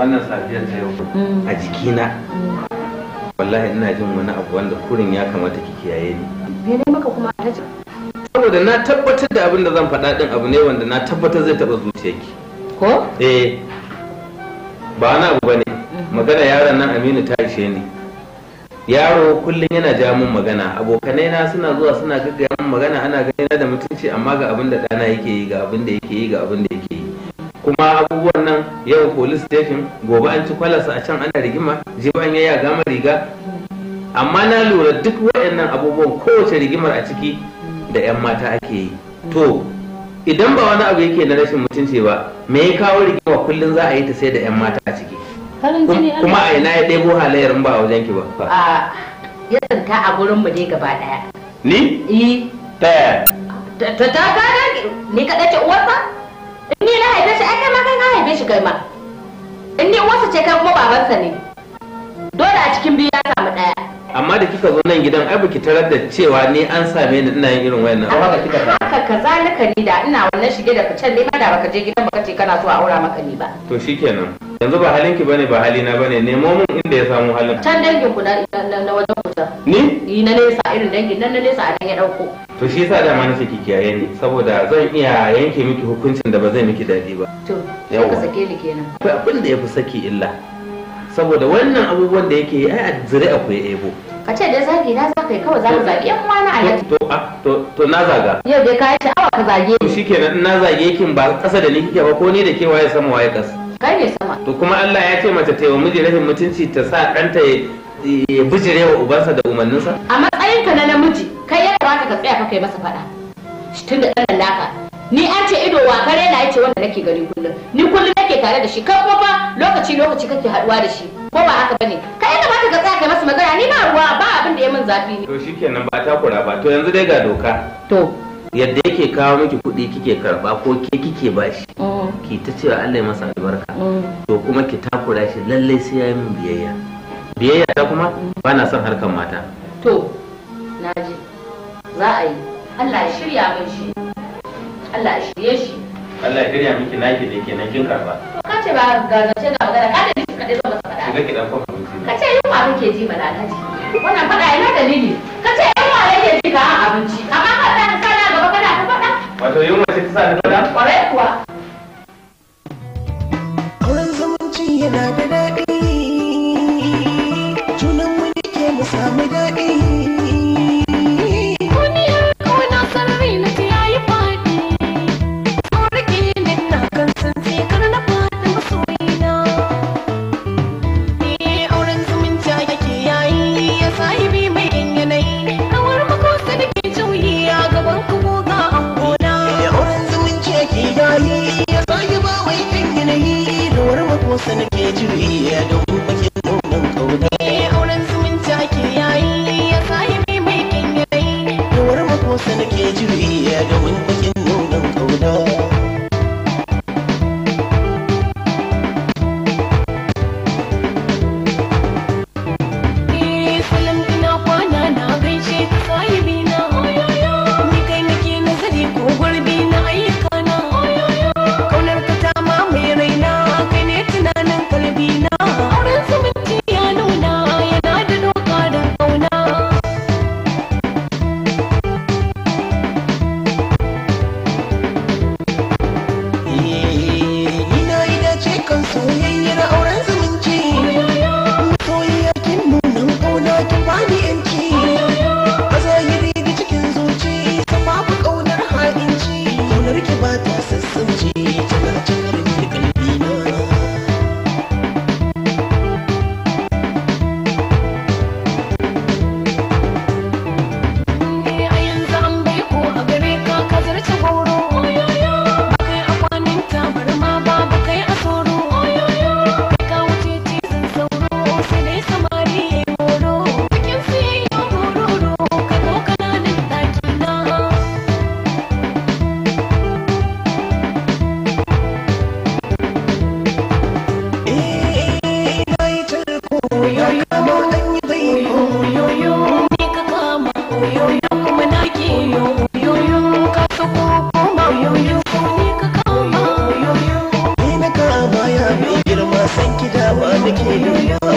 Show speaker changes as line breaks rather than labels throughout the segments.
wannan safiyar ta yau mm. a jikina wallahi ina jin wani abu wanda kurin ya kamata ki kiyaye
ni
saboda na tabbatar da abin da zan faɗa din abu ne wanda na tabbatar zai taɓa zuciyarki ko eh ba wani abu bane magana yaron nan Aminu ta ishe ni yaro kullum yana ja min magana abokanai na suna zuwa suna gaggaya min magana ana ganina da mutunci amma ga abin da ɗana yake yi ga abin da yake yi ga abin da yake yi kuma abubuwan nan yau police station gobe an ci kwalasa a can ana rigima jiba an yaya gama riga amma na lura duk waɗannan abubuwan kowace rigimar a ciki da 'yan mata ake yi to idan ba wani abu yake na rashin mutunci ba me ya kawo rigima kullum za a yi ta sai da 'yan mata a ciki
kuma a ina ya
ɗebo halayyar ba a wajen ki ba
a ya tsanta a gurin mu dai gaba ɗaya
ni eh. ta ta ta ni kada ce uwar
in ni na haife shi ai kai ma kai ka haife shi kai ma in ni uwarsa ce kai kuma babansa ne dole a cikin biyu ya samu
ɗaya amma da kika zo nan gidan ai baki tarar da cewa ni an same ni ina yin irin wayannan haka kika ta
haka kazalika ni da ina wannan shige da ficen ne ma da baka je gidan baka ce kana so a aura maka ni ba
to shikenan yanzu ba halinki bane ba halina bane nemo mun inda ya samu halin can
dangin ku na wajen ku ni ni na nesa irin dangin nan na nesa a dan ya dauko
to shi yasa dama na saki kiyaye ne saboda zan iya yanke miki hukuncin da ba zai miki daɗi ba
to ka sake ni kenan
akwai abin da ya fi saki illa saboda wannan abubuwan da yake yi ai a zuri akwai ebo
ka ce dai zagi na zaka ka yi kawai zaka zagi yan wani a
to to to na zaga yau dai ka yi sha'awa ka zage ni shikenan na zage ki ba kasa da ni kike ba ko ni da ke waye sama waye kasa
kai
ne sama
to kuma Allah ya ce mace ta yi wa miji rashin mutunci ta sa kanta ya bijire wa ubansa da umarninsa a
matsayinka na namiji kai ya kamata ka tsaya kai masa faɗa tun da ɗan laka, ni an ce ido wa kare na yace wanda nake gani kullum ni kullum nake tare da shi kan kuma lokaci lokaci kake haɗuwa da shi ko ba haka bane kai ya kamata ka tsaya kai masa magana ni ba ruwa ba abin da ya min zafi ne
to shikenan ba ta kura ba to yanzu dai ga doka to yadda yake kawo miki kuɗi kike karɓa ko ke kike bashi mm. ki ta cewa Allah ya masa albarka mm. to kuma ki takura shi lallai sai ya yi min biyayya biyayya ta kuma mm. ba na son harkar mata
to za a yi Allah ya shirya min shi Allah ya shirye shi
Allah ya shirya miki naki da ke nan kin karba
ka ce ba gazance ga magana ka da ni kaɗai zo masa
faɗa shiga ki dan kwafa ka
ce yin wa kake ji mana alhaji wannan faɗa yana dalili ka ce yin wa yake ji ka abinci amma ka da ka na gaba kana ta faɗa
wato yin wace ta sa ni faɗa kwarai
kuwa
Auren zumunci yana da daɗi, junanmu ne ke mu samu daɗi. girma san ki da nake nuna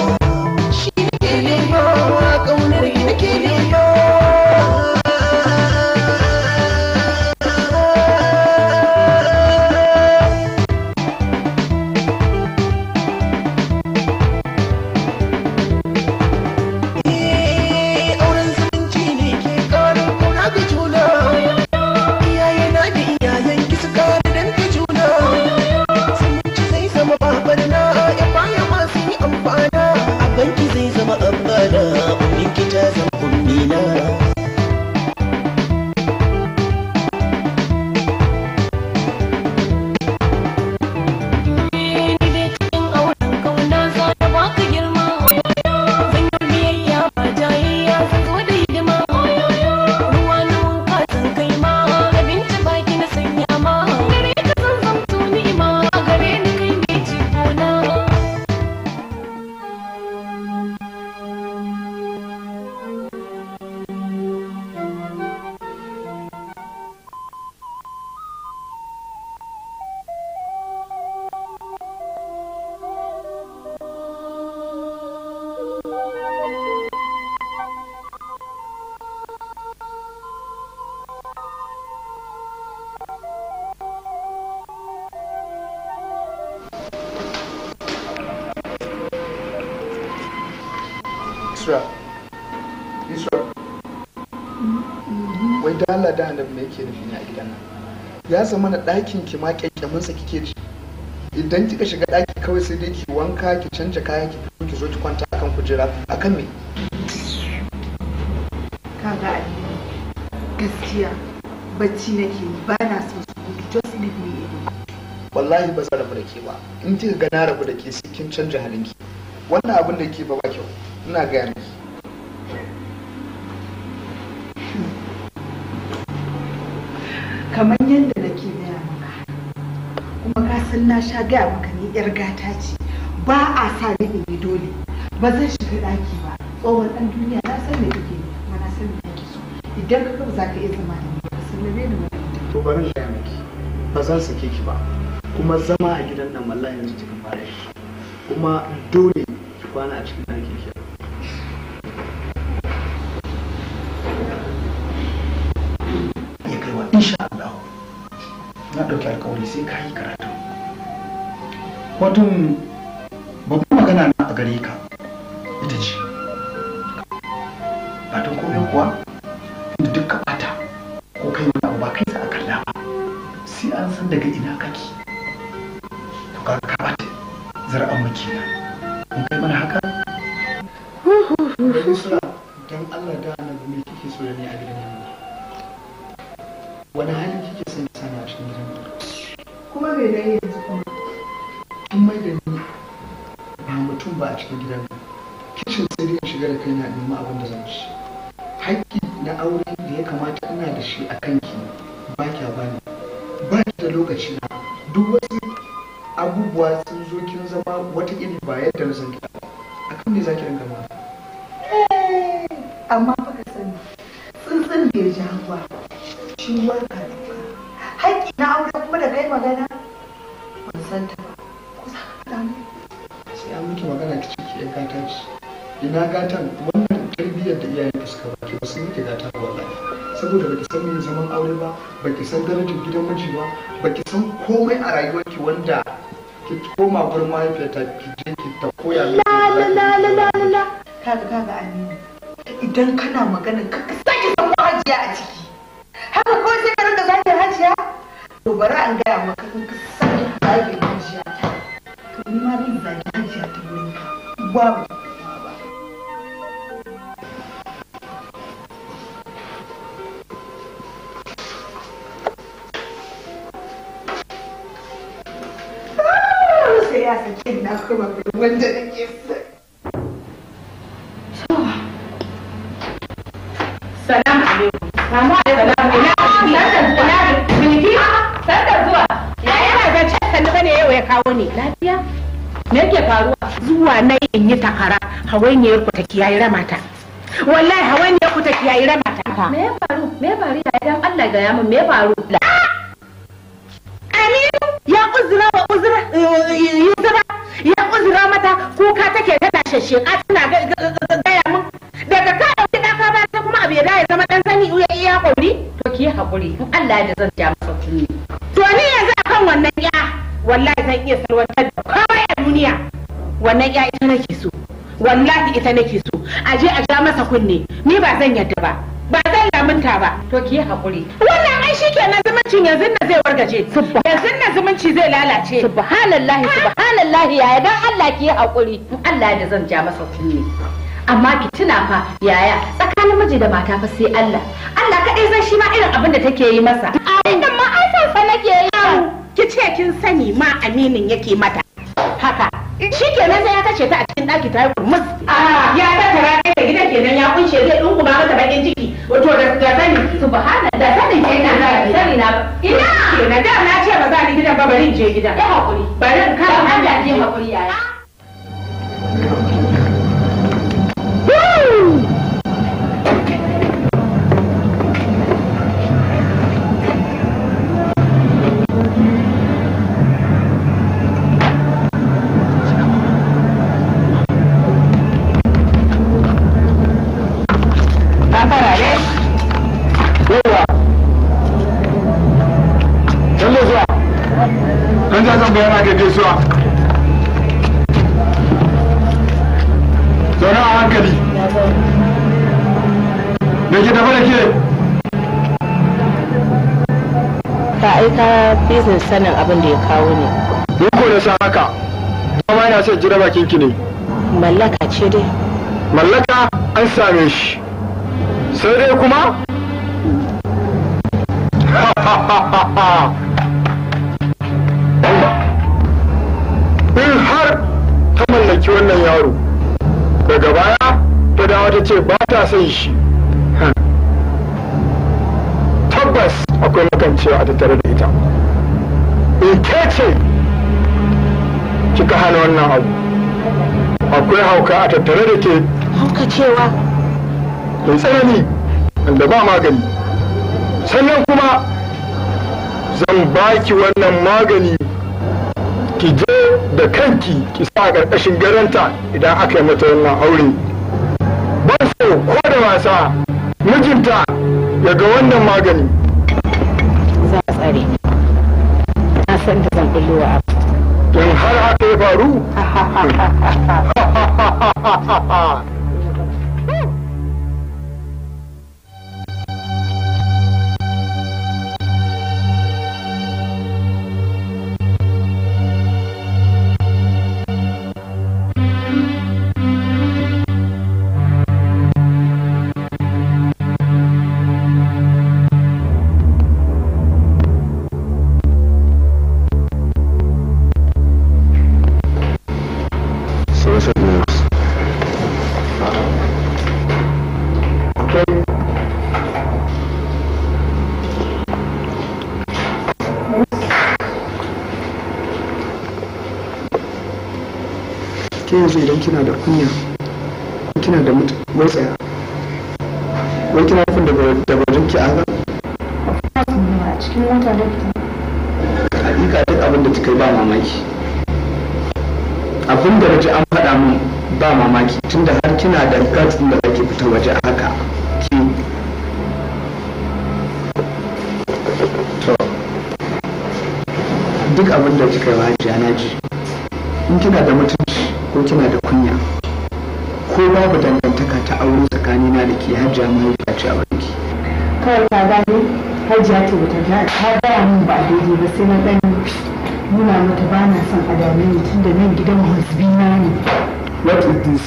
gidan nan ya zama na ɗakin ki ma kyakkyaminsa kike ji idan kika shiga ɗaki kawai sai dai ki wanka ki canja kaya ki fito ki zo ki kwanta akan kujera akan me
kaga aliyu gaskiya bacci nake ba na so su just leave me alone
wallahi ba zan rabu da ke ba in kika ga na rabu da ke sai kin canja halinki wannan abin da ke ba ba kyau ina gaya miki
kamar yadda nake gaya maka kuma ka san na sha gaya maka ne, yar gata ce ba a sa ni in yi dole ba zan shiga ɗaki ba tsohon ɗan duniya na san me kake kuma na san me kake so idan ka kafa za ka iya zama da ni ka sallame ni wani
to ba in gaya miki ba zan sake ki ba
kuma zama a
gidan nan wallahi yanzu kika fara shi, kuma dole ki kwana a cikin ɗakin ki na ɗauki alkawari sai ka yi karatu wato babban magana na a gare ka ita ce ba ta komai kuwa kuma abin da zan ci haƙƙi na aure da ya kamata ina da shi a kanki ba kya bani ba ki da lokaci na duk wasu abubuwa sun zo kin zama wata iri ba yadda na san ki a kan ne za ki rinka mana
eh, amma fa ka sani tsuntsun da ya ji hawa shi duka haƙƙi na aure kuma da kai magana ban san ta ba ko za ka faɗa mu
sai an miki magana ki ciki ki ƴan gata ce ina gatan wannan Yadda da iyayen da suka baki wasu sun miki gata wallahi saboda baki san mai zaman aure ba baki san darajar gidan miji ba baki san komai a ki wanda ki koma gurin ta ki je ki ta koya la la la la la la
kaga kaga aminu idan kana magana ka sake san hajiya a ciki haka ko sai ka rinka zaki hajiya to bari an gaya maka kun ka sake zaki hajiya ta to ni ma zan zaki hajiya ta gurin ka babu ya sakin na kuma wanda nake so salamu alaikum salamu alaikum sandar zuwa ya yana yau ya kawo ne lafiya me yake faruwa zuwa na in yi takara hawainiyar ku ta kiyaye ramata wallahi hawainiyar ku ta kiyaye ramata me ya faru me ya faru ya dan Allah ga me ya faru ah! Aminu ya uzura wa uzura eh, eh, eh, ka tana gaya min daga ka ɗauki ɗaka ba ta kuma abu ya ya zama ɗan sani ya iya ƙwauri to ki yi haƙuri in Allah ya zan ja masa kunni to ni yanzu akan wannan ya wallahi zan iya salwantar da kawai a duniya wannan ya ita nake so wallahi ita nake so Aje a ja masa kunne ni ba zan yadda ba ba zan lamunta ba to ki yi haƙuri mutum ya na zai wargaje ya na zumunci zai lalace subhanallahi subhanallahi yaya dan Allah ki yi hakuri in Allah ya zan ja masa kunne amma ki tuna fa yaya tsakanin miji da mata fa sai Allah Allah kadai zan shi ma irin abin da take yi masa idan ma san fa nake yi ki ce kin sani ma aminin yake mata haka eh. shi kenan sai ya kace ta a cikin daki ta yi kurmus ah. ya ta tara da gida kenan ya kunshe zai ba mata bakin ciki wato da ga sani subhana da sani kenan na sani na ina kenan da na ce ba za ni gidan ba bari je gidan ya hakuri bari ka Allah je hakuri yaya ka aika bizin sanin abin da ya kawo ne ni ko na sa haka
kuma yana son jira bakin ki ne mallaka ce dai mallaka an same shi
sai dai kuma in har ta mallaki wannan yaro daga baya ta dawo ta ce ba ta
son shi akwai makancewa a tattare da ita eh, ke ce kika hana wannan abu akwai hauka a tattare da ke hauka cewa mai tsanani da ba magani sannan kuma zan baki wannan magani ki je da kanki ki sa a ƙarƙashin garanta idan aka yi mata wannan aure ban so ko da wasa mijinta ya ga wannan magani
san da zan bullo a
don har haka ya faru
ke yanzu idan kina da kunya kina da matsaya wai kina nufin da dabarun ki aga
a cikin mota da
ke hakika duk abin da ba mamaki abin da waje an faɗa min ba mamaki tunda har kina da gatsin da zaki fita waje haka ki duk abin da kika yi wa na ji in kina da mutunci ko kina da kunya ko babu dangantaka ta aure tsakanina da ke hajjiya yi ce a banki
kawai ta gane hajjiya ce wata ta gaya min ba a daidai ba sai na ɗan nuna mata ba na son a dame ni tun da nan gidan hasbi na ne what is this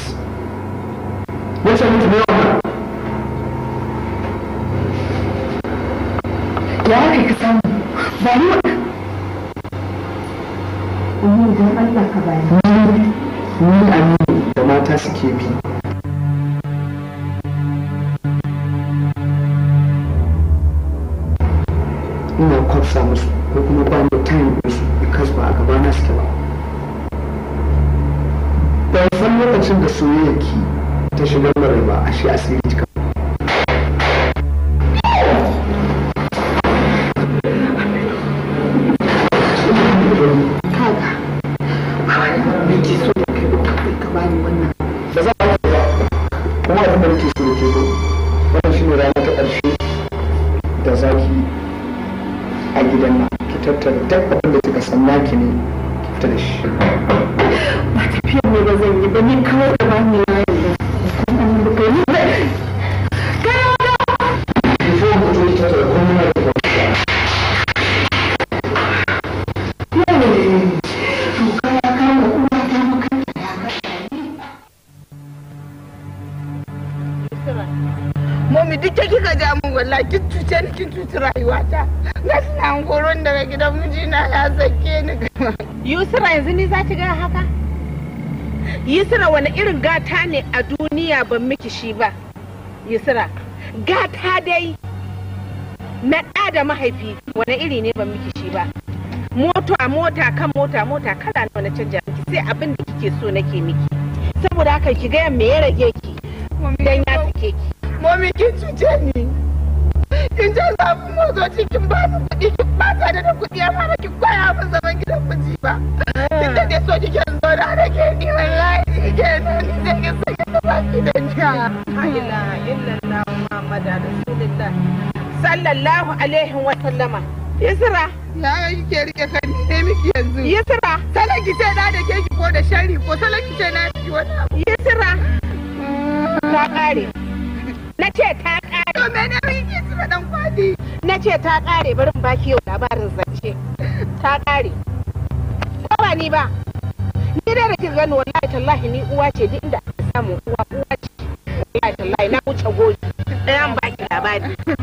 wacce mutu ne
wannan ya haka ka samu
ba ni ba Umar don Allah ka bayan.
ni aminu da mata suke bi ina kwafsa musu ko kuma ba mu time musu because ba a gabana suke ba ban san lokacin da soyayya ki ta shiga mara ba a shi asiri cika
kaga ba wani
so duk da suka san naki ne ki fita da shi
ba tafiyar ne ba zan yi ba ni da ba ni ya yi
Momi duk ke kika ja mun walla kin cuce ni kin cuci rayuwata. Na suna goron daga gidan mijina ya sake ni. Yusra yanzu ni za ki gaya haka? Yusra wani irin gata ne a duniya ban miki shi ba. Yusra gata dai na ɗa da mahaifi wani iri ne ban miki shi ba. Mota mota kan mota mota kala na canja miki sai abin da kike so nake miki. Saboda haka ki gaya me ya rage ki. Dan ya sake ki. momi kin cuce ni kin je samun motoci kin ba mu kuɗi kin
ba da kuɗi you ba kin koya min zaman gidan miji ba kin da dai so kike zo da
rage ni wallahi kike you ni sai kin sake da baki da ja la ilaha illallah muhammadu rasulullah sallallahu alaihi wa sallama Yisra. Ya yi ke rike kan ne miki yanzu. Yisra. Salon ki ce na da keki ko da shari ko salon ki ce na da ki wani abu. Yisra. Ta na ce ta kare to me ne yi yi su dan kwadi na ce ta kare barin baki yau labarin zance ta kare ko ba ni ba ni dai da kin gani wallahi tallahi ni uwa ce duk inda aka samu uwa uwa ce wallahi tallahi na wuce goji ɗayan baki labari